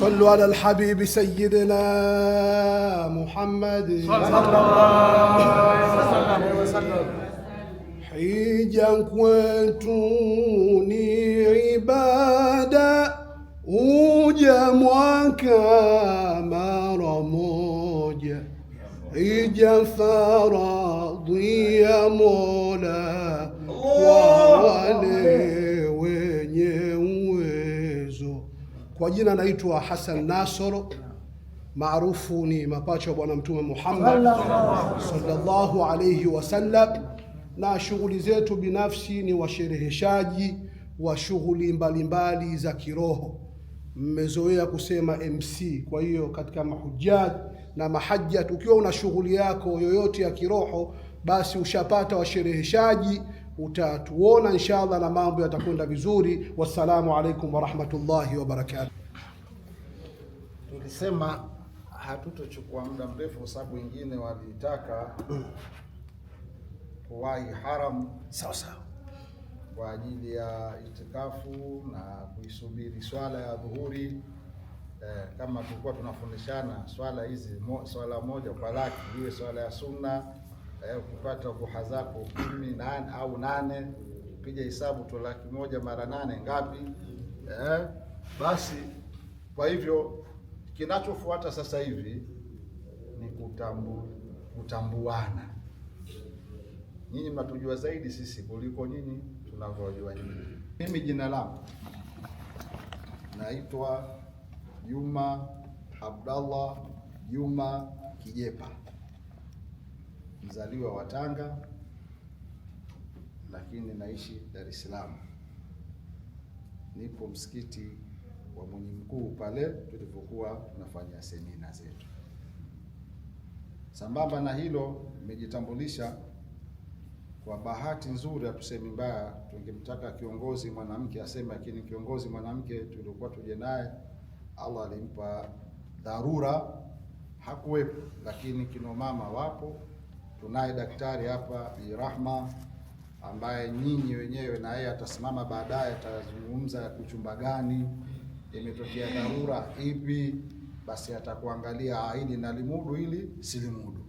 صلوا على الحبيب سيدنا محمد صلى الله عليه وسلم حيجا كنتوني عبادا uja mwaka mara moja ija faradhi ya mola Kwa jina naitwa Hassan Nasoro maarufu ni mapacha wa Bwana Mtume Muhammad sallallahu alayhi wasallam, na shughuli zetu binafsi ni washereheshaji wa shughuli mbalimbali za kiroho. Mmezoea kusema MC. Kwa hiyo katika mahujaji na mahajat, ukiwa una shughuli yako yoyote ya kiroho, basi ushapata washereheshaji utatuona inshallah na mambo yatakwenda vizuri. Wassalamu alaikum warahmatullahi wabarakatuh. Tulisema hatutochukua muda mrefu kwa sababu wengine walitaka kuwahi haram, sawa sawa, kwa ajili ya itikafu na kuisubiri swala ya dhuhuri. Eh, kama tulikuwa tunafundishana swala hizi mo, swala moja kwa laki iwe swala ya sunna eh, ukipata buha zako kumi nane, au nane piga hesabu tu laki moja mara nane ngapi? Eh, basi kwa hivyo kinachofuata sasa hivi ni kutambu, kutambuana. Nyinyi mnatujua zaidi sisi kuliko nyinyi tunavyojua nyinyi. Mimi jina langu naitwa Juma Abdallah Juma Kijepa mzaliwa wa Tanga lakini naishi Dar es Salaam. Nipo msikiti wa Mwenye Mkuu pale tulipokuwa tunafanya semina zetu. Sambamba na hilo, nimejitambulisha kwa bahati nzuri, hatusemi mbaya. Tungemtaka kiongozi mwanamke aseme, lakini kiongozi mwanamke tuliokuwa tuje naye Allah alimpa dharura hakuwepo, lakini kinamama wapo Tunaye daktari hapa Bi Rahma ambaye nyinyi wenyewe na yeye atasimama baadaye, atazungumza kuchumba gani, imetokea dharura ipi, basi atakuangalia ah, hili nalimudu hili silimudu,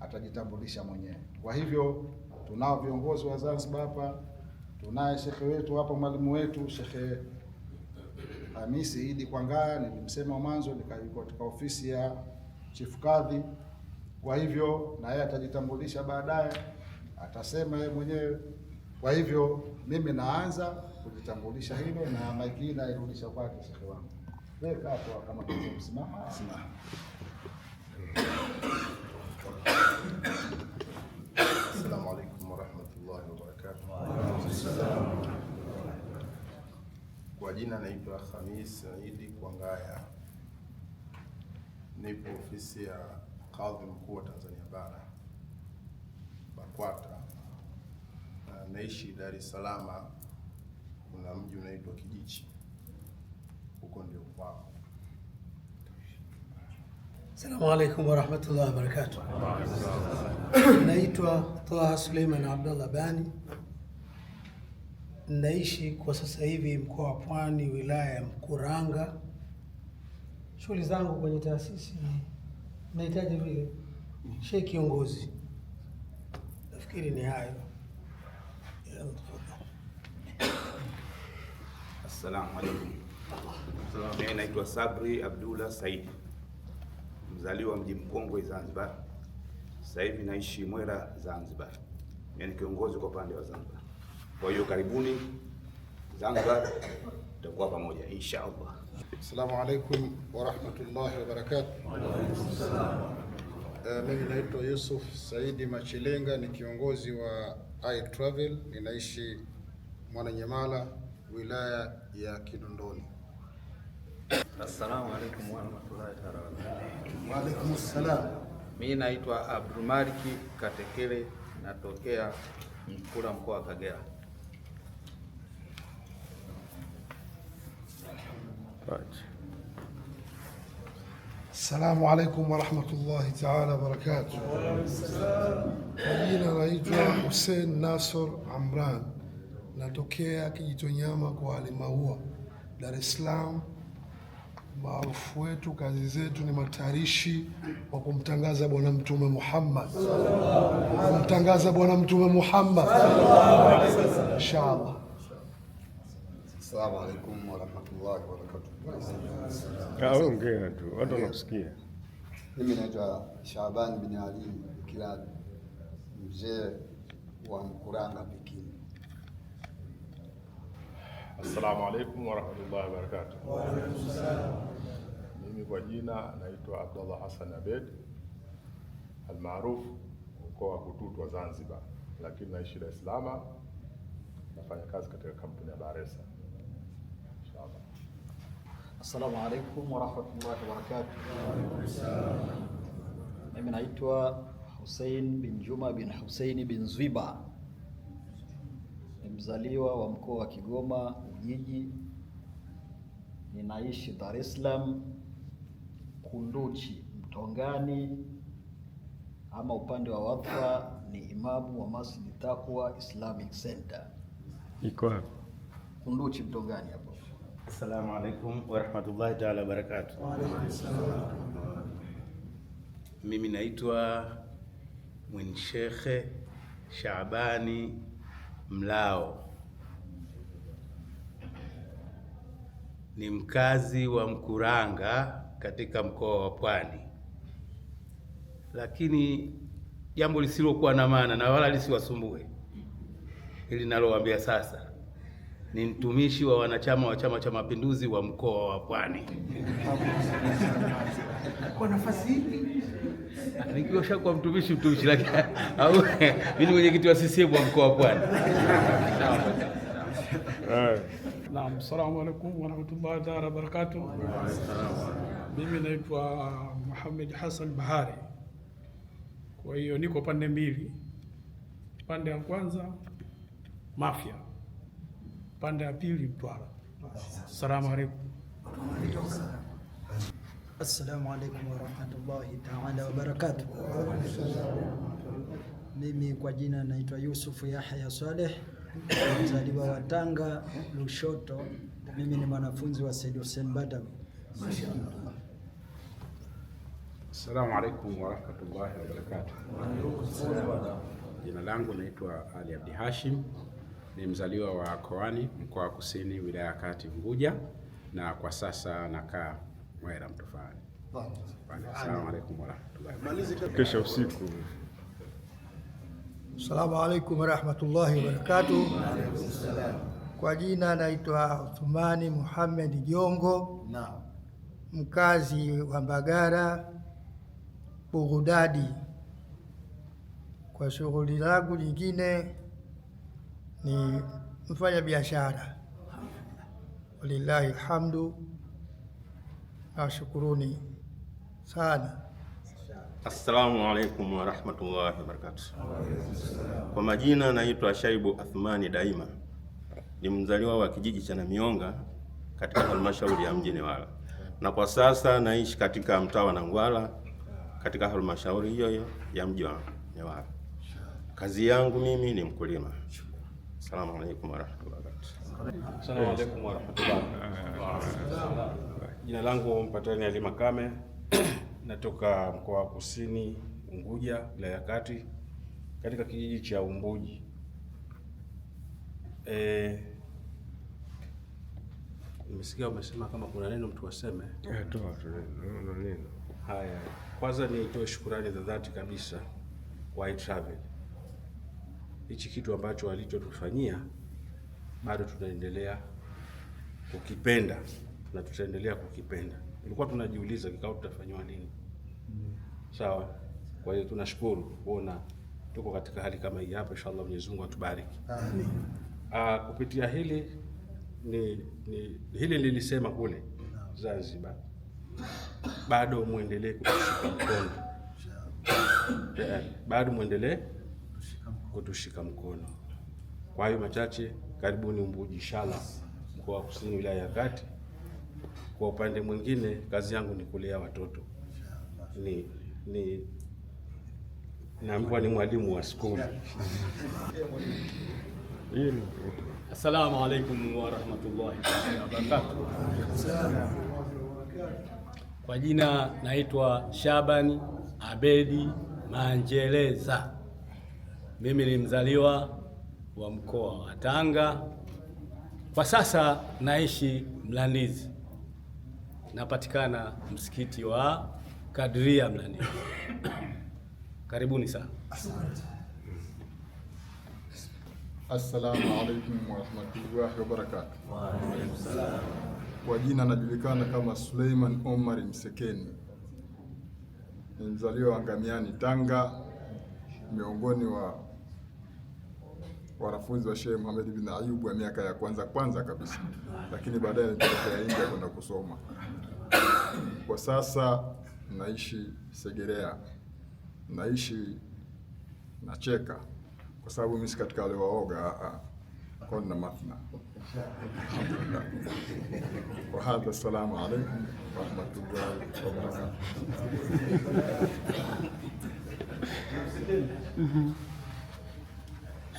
atajitambulisha mwenyewe. Kwa hivyo tunao viongozi wa Zanzibar hapa, tunaye shekhe wetu hapa, mwalimu wetu Shekhe Hamisi Idi Kwangaya, nilimsema mwanzo, nikaiko katika ofisi ya chifu kadhi kwa hivyo na yeye atajitambulisha baadaye, atasema yeye mwenyewe. Kwa hivyo mimi naanza kujitambulisha hilo na maiki hii nairudisha kwake. Shehe wangu wewe kaa kwa kama msimama simama. Assalamu alaykum wa rahmatullahi wa barakatuh. Kwa jina naitwa Khamis Saidi Kwangaya, nipo ofisi ya kadhi mkuu wa Tanzania bara BAKWATA, na naishi Dar es Salaam. Kuna mji unaitwa Kijichi, huko ndio kwao. Asalamu alaykum wa rahmatullahi wa barakatuh. Naitwa Taha Suleiman Abdallah Bani, naishi kwa sasa hivi mkoa wa Pwani, wilaya ya Mkuranga. Shughuli zangu kwenye taasisi Nahitaji vile she kiongozi, nafikiri ni hayo. Assalamu alaikum. Mimi naitwa Sabri Abdullah Saidi, mzaliwa mji mkongwe Zanzibar. Sasa hivi naishi Mwera Zanzibar, ni kiongozi kwa upande wa Zanzibar. Kwa hiyo karibuni Zanzibar, tutakuwa pamoja insha Allah. Assalamu alaikum warahmatullahi wabarakatuh. Uh, eh, mimi naitwa Yusuf Saidi Machilenga ni kiongozi wa I Travel, ninaishi Mwananyamala, wilaya ya Kinondoni. Assalamu alaikum warahmatullahi wabarakatuh. Wa alaikum salam. Mimi naitwa Abdulmaliki Katekele natokea Mkula mkoa wa Kagera. acha. Assalamu alaikum warahmatullahi taala wabarakatuh. Kwa jina naitwa Hussein Nasor Amran, natokea Kijitonyama kwa Alimaua, Dar es Salaam. Maarufu wetu, kazi zetu ni matayarishi wa kumtangaza Bwana Mtume Muhammad, kumtangaza Bwana Mtume Muhammad, inshallah Assalamu alaikum warahmatullahi wabarakatuh. Ah, ongea tu, watu wanakusikia. Mimi naitwa Shaabani bin Ali Kiladi, mzee wa Mkuranga Pikini. Assalamu alaikum wa rahmatullahi Wa Wa alaikum salaam. Mimi kwa jina naitwa Abdallah Hassan Abed almaarufu mkoa wa Kututwa Zanzibar, lakini naishi Dar es Salaam, nafanya kazi katika kampuni ya Baresa. Assalamu alaikum warahmatullahi wabarakatuh. Mimi naitwa Hussein bin Juma bin Hussein bin Zwiba, ni mzaliwa wa mkoa wa Kigoma Ujiji, ninaishi Dar es Salaam Kunduchi Mtongani, ama upande wa wadhifa ni imamu wa Masjid Taqwa Islamic Center. Iko Kunduchi Mtongani. Assalamu alaikum warahmatullahi taala wabarakatu. Mimi naitwa Mwenshekhe shabani Mlao, ni mkazi wa Mkuranga katika mkoa wa Pwani, lakini jambo lisilokuwa na maana na wala lisiwasumbue hili nalowaambia sasa ni mtumishi wa wanachama wa Chama cha Mapinduzi wa mkoa wa Pwani. Kwa nafasi hii nikiwa kwa mtumishi mtumishi, lakini au mimi ni mwenyekiti wa CCM wa mkoa wa Pwani. Naam, assalamu alaykum wa rahmatullahi wa barakatuh. Mimi naitwa Muhammad Hassan Bahari, kwa hiyo niko pande mbili. Pande ya kwanza Mafia pande ya pili Mtwara. Assalamu alaykum. Assalamu alaykum wa rahmatullahi taala wa barakatuh. Mimi kwa jina naitwa Yusufu Yahya Saleh, mzaliwa wa Tanga Lushoto. Mimi ni mwanafunzi wa Said Hussein Badawi. Assalamu alaikum wa barakatuh. Jina langu naitwa Ali Abdi Hashim ni mzaliwa wa Koani, mkoa wa Kusini, wilaya ya Kati, Unguja, na kwa sasa nakaa Mwera Mtofani. Asalamu alaykum warahmatullahi. Kesha usiku. Asalamu alaykum warahmatullahi wabarakatuh. Kwa jina naitwa Uthmani Muhammad Jongo, mkazi wa Mbagara Bugudadi. Kwa shughuli zangu nyingine ni mfanya biashara. Walillahi alhamdu na shukuruni sana. Assalamu alaikum warahmatullahi wabarakatuh. Kwa majina naitwa Shaibu Athmani Daima, ni mzaliwa wa kijiji cha Namionga katika halmashauri ya mji Newala, na kwa sasa naishi katika mtaa wa Nangwala katika halmashauri hiyo hiyo ya mji wa Newala. Kazi yangu mimi ni mkulima. Assalamu alaikum warahmatullahi wabarakatuh. Assalamu alaikum warahmatullahi wabarakatuh. Jina langu Mpatani Ali Makame natoka mkoa wa Kusini Unguja, wilaya ya Kati, katika kijiji cha Umbuji. Eh, nimesikia umesema kama kuna neno mtu aseme. Eh, toa neno. Haya, kwanza nitoe shukurani za dhati kabisa kwa iTravel hichi kitu ambacho alichotufanyia bado tunaendelea kukipenda na tutaendelea kukipenda. Ilikuwa tunajiuliza kikao tutafanywa lini? Mm. Mm-hmm. Sawa. Kwa hiyo tunashukuru kuona tuko katika hali kama hii hapa. Inshallah Mwenyezi Mungu atubariki. Ah, kupitia hili ni, ni hili nilisema kule Zanzibar, bado mwendelee kushika mkono, eh, bado mwendelee kutushika mkono. Kwa hiyo machache, karibuni Mbuji Shala, mkoa wa Kusini, wilaya ya Kati. Kwa upande mwingine, kazi yangu ni kulea watoto ni, ni naambiwa ni mwalimu wa skuli. Assalamu alaikum wa barakatuh. Kwa jina naitwa Shabani Abedi Manjeleza mimi ni mzaliwa wa mkoa wa Tanga, kwa sasa naishi Mlandizi, napatikana msikiti wa Kadria Mlandizi. Karibuni sana. Assalamu alaikum warahmatullahi wabarakatuh. Wa Kwa jina anajulikana kama Suleiman Omar Msekeni, ni mzaliwa wa Ngamiani Tanga, miongoni wa wanafunzi wa Sheikh Muhammad bin Ayub wa miaka ya kwanza kwanza kabisa, lakini baadaye nilitoka India kwenda kusoma. Kwa sasa naishi Segerea, naishi nacheka kwa sababu mimi si katika wale waoga na mathna wa hadha. Assalamu rahmatullahi wa barakatuh. Mm-hmm.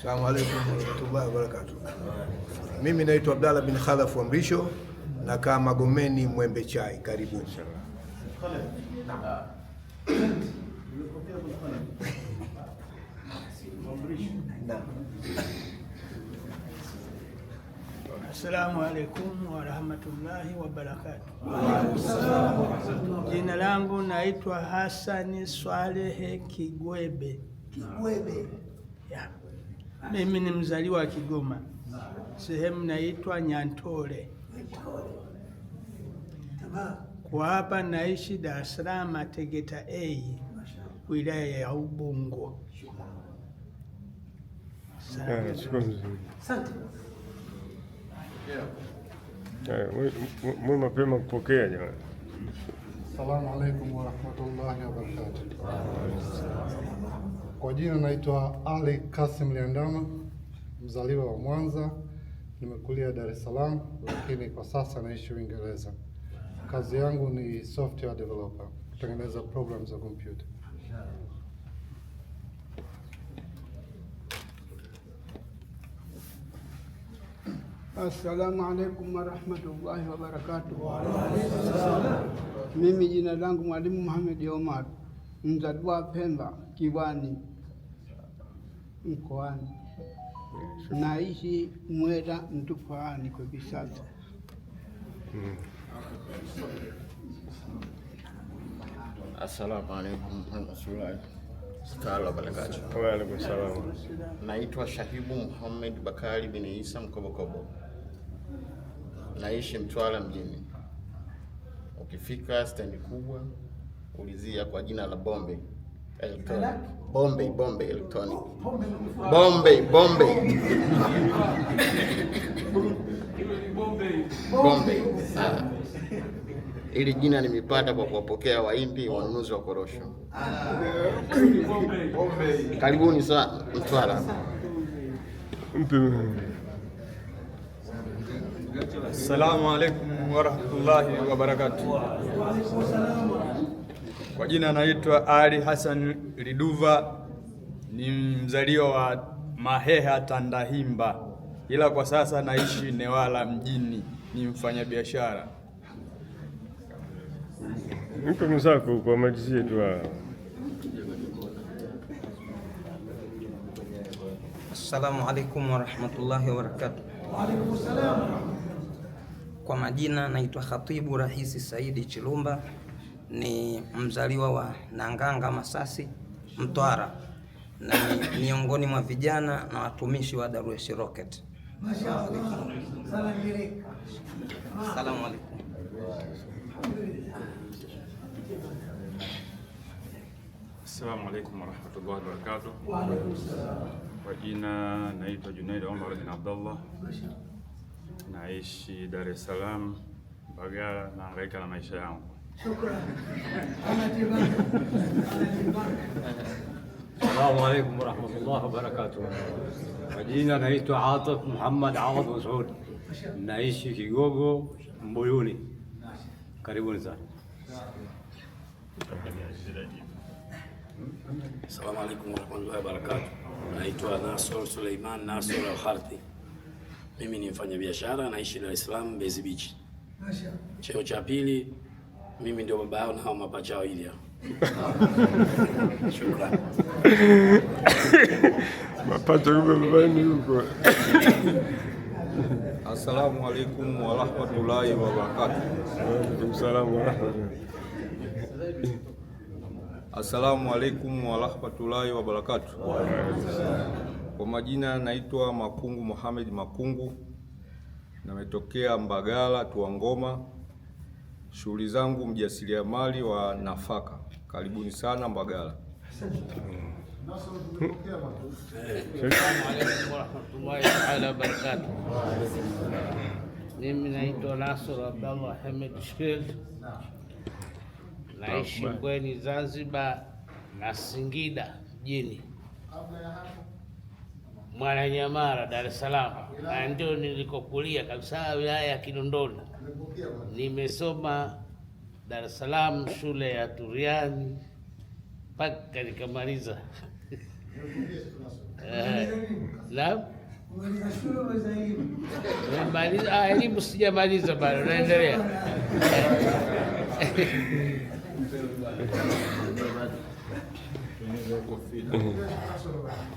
Asalamu alaykum warahmatullahi wabarakatuh. Mimi naitwa Abdalla bin Khalaf wa Mrisho na kaa Magomeni Mwembe Chai, karibu. Assalamu alaykum warahmatullahi wabarakatuh. Jina langu naitwa Hasani Swalehe Kigwebe, Kigwebe. Yeah. Mimi ni mzaliwa wa Kigoma, sehemu naitwa Nyantole. Kwa hapa naishi Dar es Salaam, Tegeta A, wilaya ya Ubungo. Eh, eh, mwe mapema kupokea jamani. Assalamu alaikum warahmatullahi wabarakatuh. Kwa jina naitwa Ali Kasim Liandama, mzaliwa wa Mwanza, nimekulia Dar es Salaam, lakini kwa sasa naishi Uingereza. Kazi yangu ni software developer, kutengeneza programs za kompyuta. Assalamu alaikum warahmatullahi wabarakatuh. Wa Mimi jina langu Mwalimu Muhammad Omar, mzaliwa Pemba Kiwani mkoani, naishi Mwera Mtupani kwa hivi sasa hmm. Assalamu alaikum warahmatullahi taala Naitwa Shahibu Muhammad Bakari bin Isa Mkobokobo, naishi Mtwara mjini. Ukifika stendi kubwa, ulizia kwa jina la Bombe. Bombay, Bombay electronic. Bombay, Bombay. Bombay. Ili jina nimepata kwa kuwapokea waimbi wanunuzi wa korosho. Karibuni sana Mtwara. Assalamu alaikum warahmatullahi wabarakatuh. Kwa jina anaitwa Ali Hassan Liduva, ni mzaliwa wa Maheha Tandahimba, ila kwa sasa naishi Newala mjini, ni mfanyabiashara. Mtu mzako kwa majizie tu. Assalamu alaikum warahmatullahi wabarakatuh. Wa alaikum salam. Kwa majina naitwa Khatibu Rahisi Saidi Chilumba ni mzaliwa wa Nanganga Masasi, Mtwara na ni miongoni mwa vijana na watumishi wa Darwesh Rocket. Asalamu alaykum. Assalamu alaykum warahmatullahi wabarakatuh. Kwa jina naitwa Junaid Omar bin Abdullah, naishi Dar es Salaam Bagala, naangaika na maisha yangu Shukrani. Assalamu alaikum warahmatullahi wabarakatuh. Majina naitwa Atif Muhammad Awad Masud, naishi Kigogo Mbuyuni. Karibuni sana. Assalamu alaikum warahmatullahi wabarakatuh. Naitwa Nasor Suleiman Nasor al Mimi ni mfanyabiashara naishi Dar es Salaam Mbezi Beach. Cheo cha pili mimi ndio baba yao na hao mapacha wao hao. Mapacha kumbe baba ni huko. Assalamu alaikum wa rahmatullahi wa barakatuh. Wa alaikum salaam wa rahmatullahi. Assalamu alaikum wa rahmatullahi wa barakatuh. Kwa majina naitwa Makungu Mohamed Makungu, nametokea Mbagala Tuangoma shughuli zangu mjasiriamali wa nafaka. Karibuni sana Mbagala. Mimi naitwa Nasr Abdallah Hamed Shkil, naishi kweni Zanzibar na Singida mjini mwananyamara Dar es Salaam, na ndio nilikokulia kabisa, wilaya ya Kinondoni. Nimesoma Dar es Salaam shule ya Turiani mpaka nikamaliza. Eh, ah, elimu sijamaliza bado, naendelea. Eh.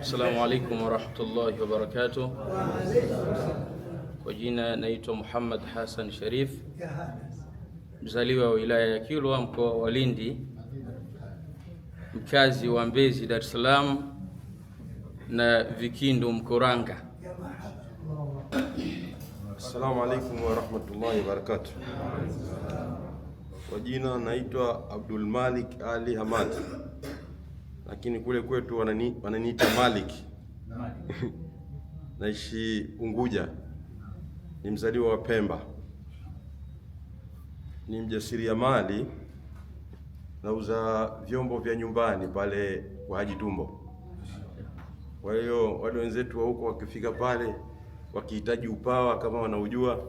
Assalamu alaikum warahmatullahi wabarakatuh. Kwa jina naitwa Muhammad Hassan Sharif, mzaliwa wa wilaya ya Kilwa, mkoa wa Lindi, mkazi wa Mbezi, Dar es Salaam na Vikindu Mkuranga. Assalamu alaikum warahmatullahi wabarakatuh. Kwa jina naitwa Abdul Malik Ali Hamad lakini kule kwetu wanani, wananiita Malik naishi Unguja, ni mzaliwa wa Pemba, ni mjasiriamali, nauza vyombo vya nyumbani pale kwa Haji Tumbo. Kwa hiyo wale wenzetu wa huko wakifika pale wakihitaji upawa kama wanaujua,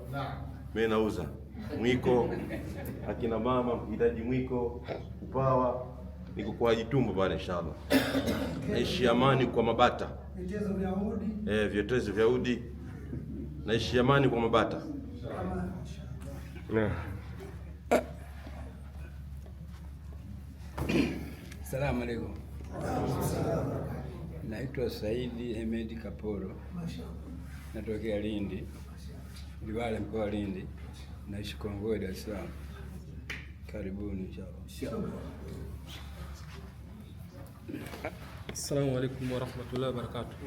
mimi nauza mwiko, akina mama mhitaji mwiko, upawa niko kwa Jitumbo pale inshallah naishi amani kwa mabata eh, vyetezo vya udi naishi amani kwa mabata Salamu alaykum. Naitwa Saidi Hemedi Kaporo, natokea Lindi, Liwale, mkoa wa Lindi, naishi Kongowe, Dar es Salaam. Karibuni inshallah. Assalamu alaikum warahmatullahi wabarakatuh.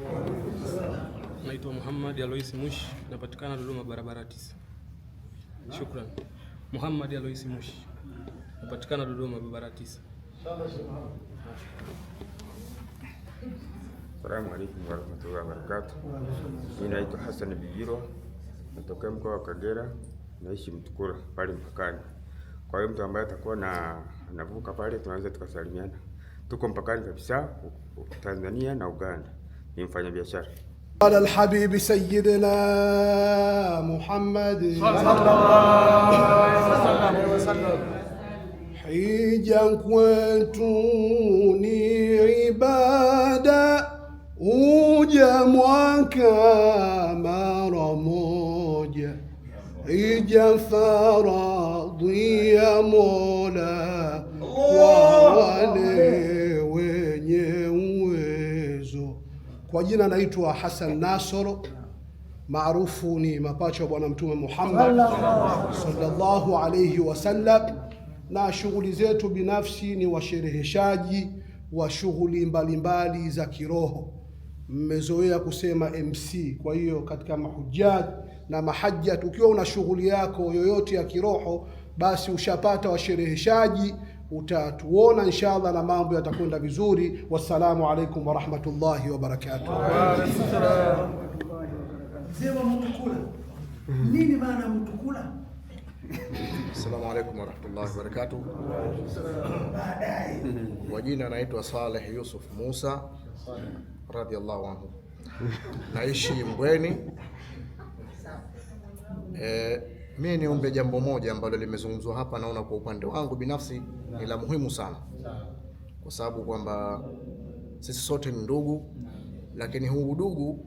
Naitwa Muhammad Alois Mushi, napatikana Dodoma barabara tisa. Shukran. Muhammad Alois Mushi, napatikana Dodoma barabara tisa. Assalamu alaikum warahmatullahi wabarakatuh. Mimi naitwa Hassan bigirwa natokea mkoa wa Kagera, naishi Mtukula pale mpakani. Kwa hiyo mtu ambaye atakuwa na anavuka pale tunaweza tukasalimiana. tuko mpakani kabisa Tanzania na Uganda, ni mfanyabiashara. Ala alhabibi sayyidina Muhammad sallallahu alaihi wasallam, hija kwetu ni ibada, uja mwaka mara moja, hija faradhi ya Mola wa wale Kwa jina naitwa Hassan Nasoro, maarufu ni mapacha wa Bwana Mtume Muhammad sallallahu alayhi wasallam, na shughuli zetu binafsi ni washereheshaji wa shughuli mbalimbali za kiroho. Mmezoea kusema MC. Kwa hiyo katika mahujaji na mahajat, ukiwa una shughuli yako yoyote ya kiroho, basi ushapata washereheshaji utatuona inshallah na mambo yatakwenda vizuri. Wassalamu alaikum warahmatullahi wabarakatuh. Mzee wa mtu kula nini? Maana mtu Assalamu alaikum warahmatullahi wabarakatuh. kwa jina naitwa Saleh Yusuf Musa radhiallahu anhu, naishi Mbweni eh, mimi niombe jambo moja ambalo limezungumzwa hapa, naona kwa upande wangu binafsi ni la muhimu sana, kwa sababu kwamba sisi sote ni ndugu, lakini huu udugu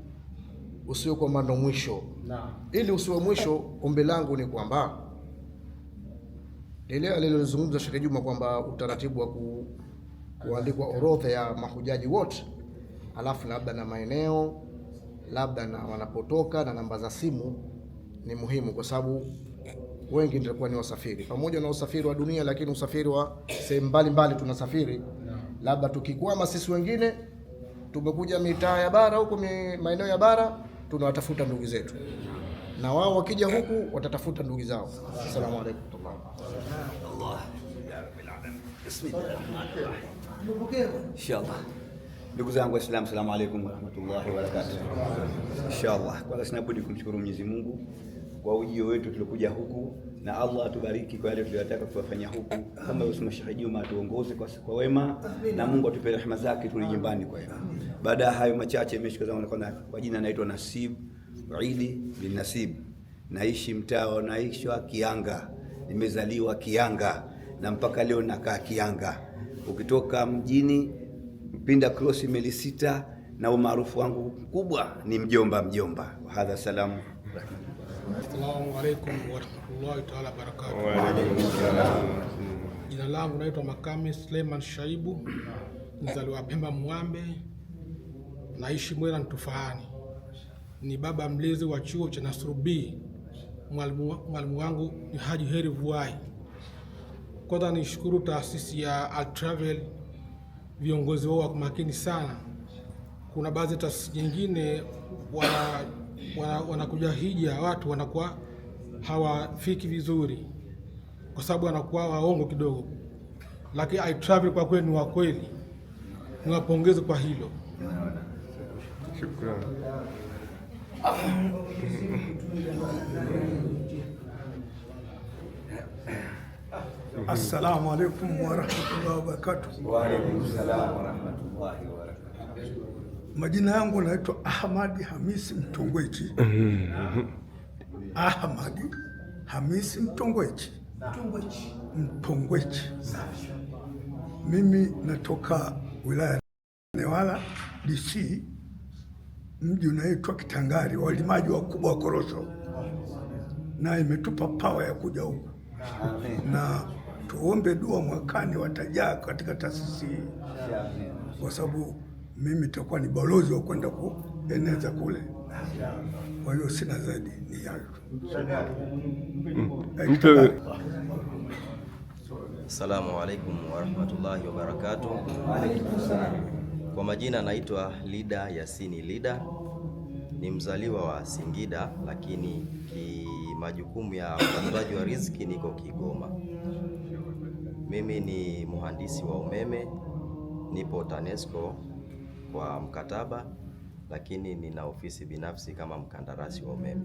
usiwe kwamba ndo mwisho. Ili usiwe mwisho, ombi langu ni kwamba lile alilozungumza Sheikh Juma kwamba utaratibu wa ku, kuandikwa orodha ya mahujaji wote, alafu labda na maeneo labda na wanapotoka na namba za simu ni muhimu kwa sababu wengi nitakuwa ni wasafiri pamoja na usafiri wa dunia, lakini usafiri wa sehemu mbalimbali tunasafiri, labda tukikwama sisi wengine tumekuja mitaa ya bara huko maeneo ya bara, tunawatafuta ndugu zetu, na wao wakija huku watatafuta ndugu zao. Asalamu alaykum Allah. Inshallah, ndugu zangu Waislamu, assalamu alaykum warahmatullahi wabarakatuh. Inshallah, kwanza sina budi kumshukuru Mwenyezi Mungu wa ujio wetu tuliokuja huku, na Allah atubariki kwa yale tuliyotaka kuwafanya huku. Kama alivyosema Sheikh Juma, atuongoze kwa, kwa wema na Mungu atupe rehema zake, turudi nyumbani kwa wema. Baada ya hayo machache, zangu na kwa jina naitwa Nasib Idi bin Nasib, naishi mtaa wa Kianga, nimezaliwa Kianga na mpaka leo nakaa Kianga. Ukitoka mjini Mpinda Cross meli sita, na umaarufu wangu mkubwa ni Mjomba. Mjomba, hadha salamu Assalamu alaikum warahmatullahi taala wabarakatuh. Wa alaikum salaam. Jina langu naitwa Makame Suleiman Shaibu, mzaliwa Pemba Mwambe, naishi Mwera Ntufahani, ni baba mlezi wa chuo cha Nasrubi. Mwalimu wangu ni Haji Heri Vuai. Kwanza nishukuru taasisi ya Al Travel, viongozi wao wako makini sana. Kuna baadhi ya taasisi nyingine wana wanakuja wana hija watu wanakuwa hawafiki vizuri, kwa sababu wanakuwa waongo kidogo, lakini I travel kwa kweli ni wa kweli. Niwapongeze kwa hilo. Assalamu alaykum wa rahmatullahi wa barakatuh. Wa alaykum wa rahmatullahi Majina yangu naitwa Ahmadi Hamisi Mtongwechi. Mhm. Ahmadi Hamisi Mtongwechi, Mtongwechi. Mimi natoka wilaya Newala DC, mji unaitwa Kitangari, walimaji wakubwa wa korosho, na imetupa pawa ya kuja huku na tuombe dua, mwakani watajaa katika taasisi hii kwa sababu mimi nitakuwa ni balozi wa kwenda kueneza kule. Kwa hiyo sina zaidi, ni hayo. Hmm. Eh, Assalamu alaikum warahmatullahi wabarakatuh. Kwa majina naitwa Lida Yasini Lida, ni mzaliwa wa Singida, lakini majukumu ya utafutaji wa riziki niko Kigoma. Mimi ni mhandisi wa umeme, nipo TANESCO kwa mkataba, lakini nina ofisi binafsi kama mkandarasi wa umeme.